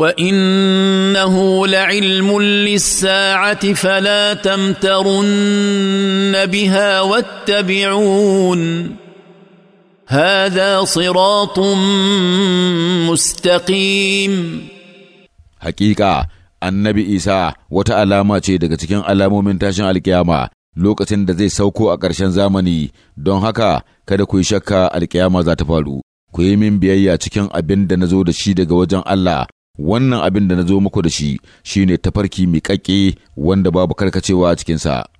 وانه لعلم للساعه فلا تمترن بها واتبعون هذا صراط مستقيم حقيقه annabi isa wata alama ce daga cikin alamomin tashin alkiyama lokacin da zai sauko a ƙarshen zamani don haka kada ku yi shakka alkiyama za ta faru ku yi min biyayya cikin abin da na zo da shi daga wajen Allah wannan abin da na zo muku da shi shine tafarki miƙaƙe wanda babu karkacewa a cikinsa.